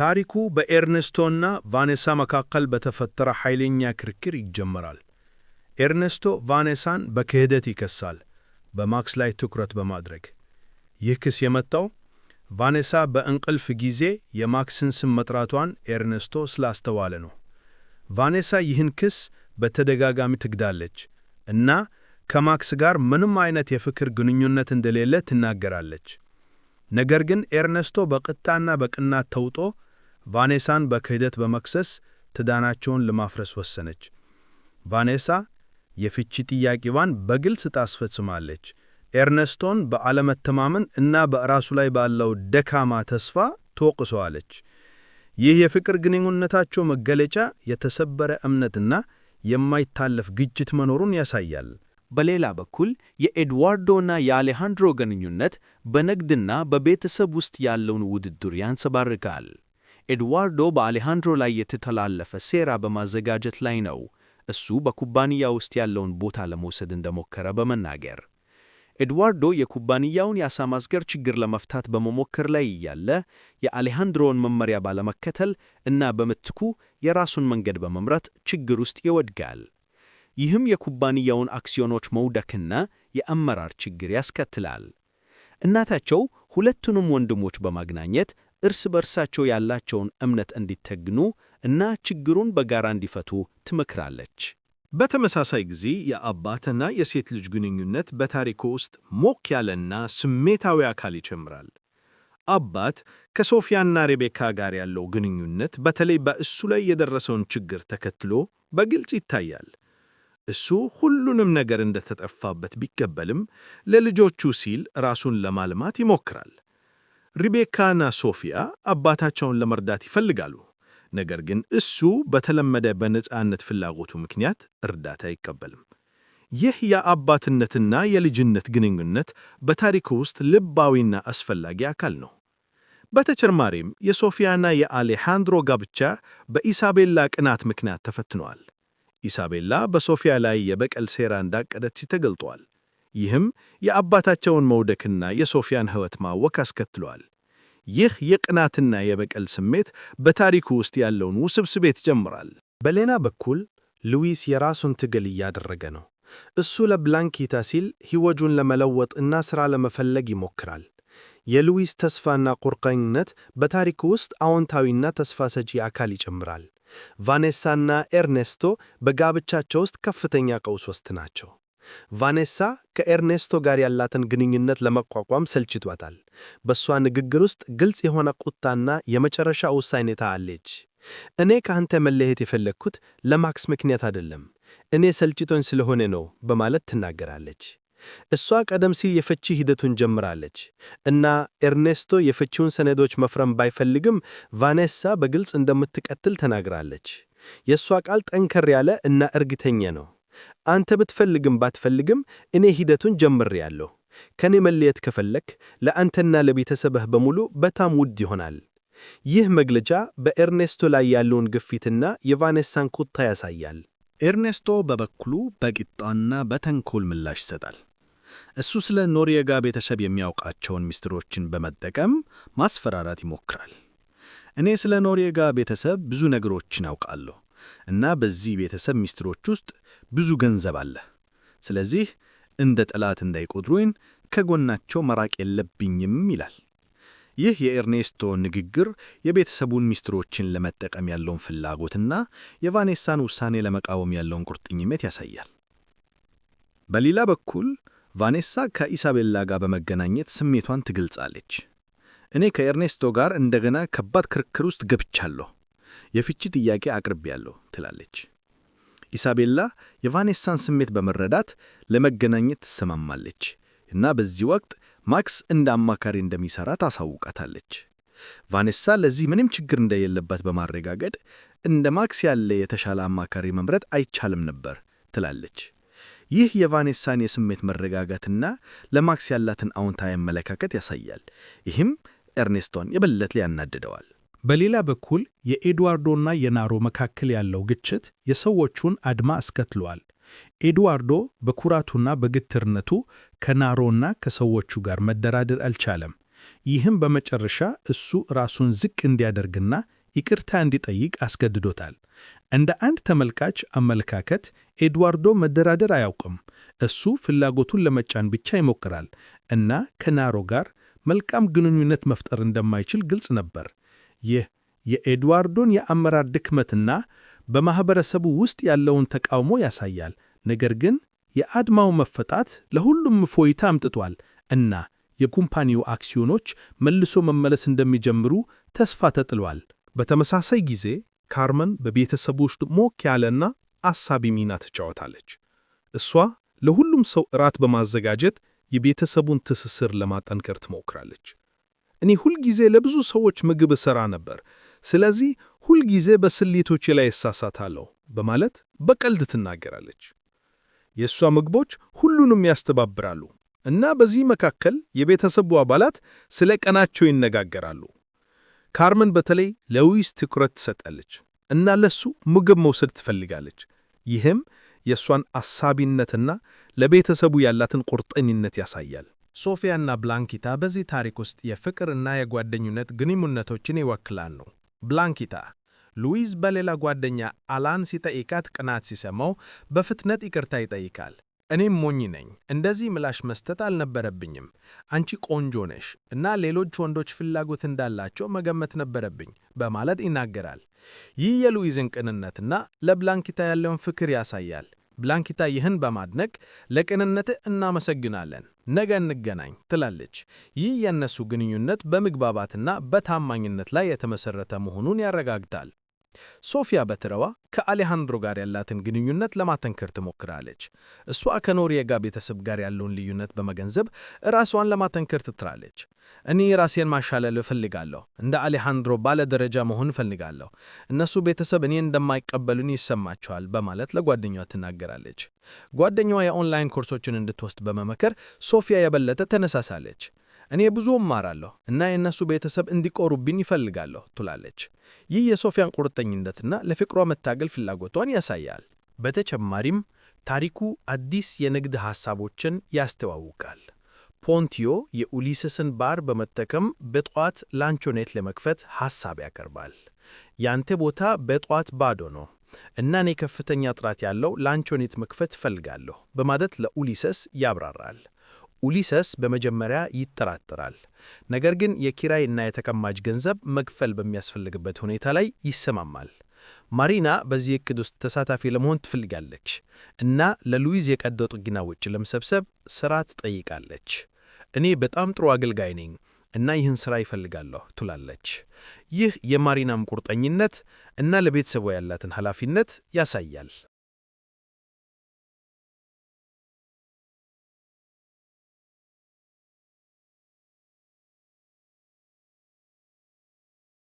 ታሪኩ በኤርኔስቶና ቫኔሳ መካከል በተፈጠረ ኃይለኛ ክርክር ይጀመራል። ኤርኔስቶ ቫኔሳን በክህደት ይከሳል፣ በማክስ ላይ ትኩረት በማድረግ። ይህ ክስ የመጣው ቫኔሳ በእንቅልፍ ጊዜ የማክስን ስም መጥራቷን ኤርኔስቶ ስላስተዋለ ነው። ቫኔሳ ይህን ክስ በተደጋጋሚ ትግዳለች እና ከማክስ ጋር ምንም አይነት የፍቅር ግንኙነት እንደሌለ ትናገራለች። ነገር ግን ኤርኔስቶ በቅጣና በቅናት ተውጦ ቫኔሳን በክህደት በመክሰስ ትዳናቸውን ለማፍረስ ወሰነች። ቫኔሳ የፍቺ ጥያቄዋን በግልጽ ታስፈጽማለች። ኤርነስቶን በአለመተማመን እና በራሱ ላይ ባለው ደካማ ተስፋ ተወቅሰዋለች። ይህ የፍቅር ግንኙነታቸው መገለጫ የተሰበረ እምነትና የማይታለፍ ግጭት መኖሩን ያሳያል። በሌላ በኩል የኤድዋርዶና የአሌሃንድሮ ግንኙነት በንግድና በቤተሰብ ውስጥ ያለውን ውድድር ያንጸባርቃል። ኤድዋርዶ በአሌሃንድሮ ላይ የተተላለፈ ሴራ በማዘጋጀት ላይ ነው። እሱ በኩባንያ ውስጥ ያለውን ቦታ ለመውሰድ እንደሞከረ በመናገር ኤድዋርዶ የኩባንያውን የአሳ ማስገር ችግር ለመፍታት በመሞከር ላይ እያለ የአሌሃንድሮን መመሪያ ባለመከተል እና በምትኩ የራሱን መንገድ በመምረት ችግር ውስጥ ይወድጋል። ይህም የኩባንያውን አክሲዮኖች መውደክና የአመራር ችግር ያስከትላል። እናታቸው ሁለቱንም ወንድሞች በማግናኘት እርስ በርሳቸው ያላቸውን እምነት እንዲተግኑ እና ችግሩን በጋራ እንዲፈቱ ትመክራለች። በተመሳሳይ ጊዜ የአባትና የሴት ልጅ ግንኙነት በታሪኩ ውስጥ ሞቅ ያለና ስሜታዊ አካል ይጨምራል። አባት ከሶፊያና ሬቤካ ጋር ያለው ግንኙነት በተለይ በእሱ ላይ የደረሰውን ችግር ተከትሎ በግልጽ ይታያል። እሱ ሁሉንም ነገር እንደተጠፋበት ቢቀበልም ለልጆቹ ሲል ራሱን ለማልማት ይሞክራል። ሪቤካና ሶፊያ አባታቸውን ለመርዳት ይፈልጋሉ። ነገር ግን እሱ በተለመደ በነፃነት ፍላጎቱ ምክንያት እርዳታ አይቀበልም። ይህ የአባትነትና የልጅነት ግንኙነት በታሪኩ ውስጥ ልባዊና አስፈላጊ አካል ነው። በተጨማሪም የሶፊያና የአሌሃንድሮ ጋብቻ በኢሳቤላ ቅናት ምክንያት ተፈትነዋል። ኢሳቤላ በሶፊያ ላይ የበቀል ሴራ እንዳቀደች ተገልጧል። ይህም የአባታቸውን መውደክና የሶፊያን ሕይወት ማወክ አስከትሏል። ይህ የቅናትና የበቀል ስሜት በታሪኩ ውስጥ ያለውን ውስብስብ ይጀምራል። በሌላ በኩል ሉዊስ የራሱን ትግል እያደረገ ነው። እሱ ለብላንኪታ ሲል ሕይወቱን ለመለወጥ እና ሥራ ለመፈለግ ይሞክራል። የሉዊስ ተስፋና ቁርጠኝነት በታሪኩ ውስጥ አዎንታዊና ተስፋ ሰጪ አካል ይጨምራል። ቫኔሳና ኤርኔስቶ በጋብቻቸው ውስጥ ከፍተኛ ቀውስ ውስጥ ናቸው። ቫኔሳ ከኤርኔስቶ ጋር ያላትን ግንኙነት ለመቋቋም ሰልችቷታል። በእሷ ንግግር ውስጥ ግልጽ የሆነ ቁጣና የመጨረሻ ውሳኔታ አለች። እኔ ከአንተ መለየት የፈለግኩት ለማክስ ምክንያት አይደለም፣ እኔ ሰልችቶኝ ስለሆነ ነው በማለት ትናገራለች። እሷ ቀደም ሲል የፍቺ ሂደቱን ጀምራለች እና ኤርኔስቶ የፍቺውን ሰነዶች መፍረም ባይፈልግም ቫኔሳ በግልጽ እንደምትቀጥል ተናግራለች። የእሷ ቃል ጠንከር ያለ እና እርግተኛ ነው። አንተ ብትፈልግም ባትፈልግም እኔ ሂደቱን ጀምሬያለሁ። ከኔ መለየት ከፈለክ ለአንተና ለቤተሰብህ በሙሉ በጣም ውድ ይሆናል። ይህ መግለጫ በኤርኔስቶ ላይ ያለውን ግፊትና የቫኔሳን ቁጣ ያሳያል። ኤርኔስቶ በበኩሉ በቂጣና በተንኮል ምላሽ ይሰጣል። እሱ ስለ ኖሪየጋ ቤተሰብ የሚያውቃቸውን ምስጢሮችን በመጠቀም ማስፈራራት ይሞክራል። እኔ ስለ ኖሪየጋ ቤተሰብ ብዙ ነገሮችን አውቃለሁ እና በዚህ ቤተሰብ ሚስጥሮች ውስጥ ብዙ ገንዘብ አለ። ስለዚህ እንደ ጠላት እንዳይቆጥሩኝ ከጎናቸው መራቅ የለብኝም ይላል። ይህ የኤርኔስቶ ንግግር የቤተሰቡን ሚስጥሮችን ለመጠቀም ያለውን ፍላጎትና የቫኔሳን ውሳኔ ለመቃወም ያለውን ቁርጠኝነት ያሳያል። በሌላ በኩል ቫኔሳ ከኢሳቤላ ጋር በመገናኘት ስሜቷን ትገልጻለች። እኔ ከኤርኔስቶ ጋር እንደገና ከባድ ክርክር ውስጥ ገብቻለሁ የፍቺ ጥያቄ አቅርቤያለሁ ትላለች። ኢሳቤላ የቫኔሳን ስሜት በመረዳት ለመገናኘት ትሰማማለች እና በዚህ ወቅት ማክስ እንደ አማካሪ እንደሚሠራ ታሳውቃታለች። ቫኔሳ ለዚህ ምንም ችግር እንደሌለባት በማረጋገጥ እንደ ማክስ ያለ የተሻለ አማካሪ መምረጥ አይቻልም ነበር ትላለች። ይህ የቫኔሳን የስሜት መረጋጋትና ለማክስ ያላትን አዎንታዊ አመለካከት ያሳያል። ይህም ኤርኔስቶን የበለጠ ሊያናድደዋል። በሌላ በኩል የኤድዋርዶና የናሮ መካከል ያለው ግጭት የሰዎቹን አድማ አስከትሏል። ኤድዋርዶ በኩራቱና በግትርነቱ ከናሮና ከሰዎቹ ጋር መደራደር አልቻለም። ይህም በመጨረሻ እሱ ራሱን ዝቅ እንዲያደርግና ይቅርታ እንዲጠይቅ አስገድዶታል። እንደ አንድ ተመልካች አመለካከት ኤድዋርዶ መደራደር አያውቅም። እሱ ፍላጎቱን ለመጫን ብቻ ይሞክራል እና ከናሮ ጋር መልካም ግንኙነት መፍጠር እንደማይችል ግልጽ ነበር። ይህ የኤድዋርዶን የአመራር ድክመትና በማኅበረሰቡ ውስጥ ያለውን ተቃውሞ ያሳያል። ነገር ግን የአድማው መፈታት ለሁሉም እፎይታ አምጥቷል እና የኩምፓኒው አክሲዮኖች መልሶ መመለስ እንደሚጀምሩ ተስፋ ተጥሏል። በተመሳሳይ ጊዜ ካርመን በቤተሰቡ ውስጥ ሞቅ ያለና አሳቢ ሚና ትጫወታለች። እሷ ለሁሉም ሰው እራት በማዘጋጀት የቤተሰቡን ትስስር ለማጠንከር ትሞክራለች። እኔ ሁልጊዜ ለብዙ ሰዎች ምግብ እሠራ ነበር፣ ስለዚህ ሁልጊዜ በስሌቶቼ ላይ እሳሳታለሁ በማለት በቀልድ ትናገራለች። የእሷ ምግቦች ሁሉንም ያስተባብራሉ እና በዚህ መካከል የቤተሰቡ አባላት ስለ ቀናቸው ይነጋገራሉ። ካርመን በተለይ ለዊስ ትኩረት ትሰጣለች እና ለሱ ምግብ መውሰድ ትፈልጋለች። ይህም የእሷን አሳቢነትና ለቤተሰቡ ያላትን ቁርጠኝነት ያሳያል። ሶፊያና ብላንኪታ በዚህ ታሪክ ውስጥ የፍቅር እና የጓደኝነት ግንኙነቶችን ይወክላሉ። ብላንኪታ ሉዊዝ በሌላ ጓደኛ አላን ሲጠይቃት ቅናት ሲሰማው በፍጥነት ይቅርታ ይጠይቃል። እኔም ሞኝ ነኝ፣ እንደዚህ ምላሽ መስጠት አልነበረብኝም፣ አንቺ ቆንጆ ነሽ እና ሌሎች ወንዶች ፍላጎት እንዳላቸው መገመት ነበረብኝ በማለት ይናገራል። ይህ የሉዊዝን ቅንነትና ለብላንኪታ ያለውን ፍቅር ያሳያል። ብላንኪታ ይህን በማድነቅ ለቅንነትህ እናመሰግናለን፣ ነገ እንገናኝ ትላለች። ይህ የእነሱ ግንኙነት በምግባባትና በታማኝነት ላይ የተመሠረተ መሆኑን ያረጋግጣል። ሶፊያ በትረዋ ከአሌሃንድሮ ጋር ያላትን ግንኙነት ለማተንከር ትሞክራለች። እሷ ከኖሪየጋ ቤተሰብ ጋር ያለውን ልዩነት በመገንዘብ ራሷን ለማተንከር ትጥራለች። እኔ ራሴን ማሻለል እፈልጋለሁ፣ እንደ አሌሃንድሮ ባለደረጃ መሆን እፈልጋለሁ፣ እነሱ ቤተሰብ እኔ እንደማይቀበሉን ይሰማቸዋል በማለት ለጓደኛዋ ትናገራለች። ጓደኛዋ የኦንላይን ኮርሶችን እንድትወስድ በመመከር ሶፊያ የበለጠ ተነሳሳለች። እኔ ብዙ እማራለሁ እና የእነሱ ቤተሰብ እንዲቆሩብኝ ይፈልጋለሁ ትላለች። ይህ የሶፊያን ቁርጠኝነትና ለፍቅሯ መታገል ፍላጎቷን ያሳያል። በተጨማሪም ታሪኩ አዲስ የንግድ ሐሳቦችን ያስተዋውቃል። ፖንቲዮ የኡሊሰስን ባር በመጠቀም በጠዋት ላንቾኔት ለመክፈት ሐሳብ ያቀርባል። ያንተ ቦታ በጠዋት ባዶ ነው እና እኔ ከፍተኛ ጥራት ያለው ላንቾኔት መክፈት እፈልጋለሁ በማለት ለኡሊሰስ ያብራራል። ኡሊሰስ በመጀመሪያ ይጠራጠራል። ነገር ግን የኪራይና የተቀማጭ ገንዘብ መክፈል በሚያስፈልግበት ሁኔታ ላይ ይሰማማል። ማሪና በዚህ እቅድ ውስጥ ተሳታፊ ለመሆን ትፈልጋለች እና ለሉዊዝ የቀዶ ጥገና ወጪ ለመሰብሰብ ሥራ ትጠይቃለች። እኔ በጣም ጥሩ አገልጋይ ነኝ እና ይህን ሥራ ይፈልጋለሁ ትላለች። ይህ የማሪናም ቁርጠኝነት እና ለቤተሰቧ ያላትን ኃላፊነት ያሳያል።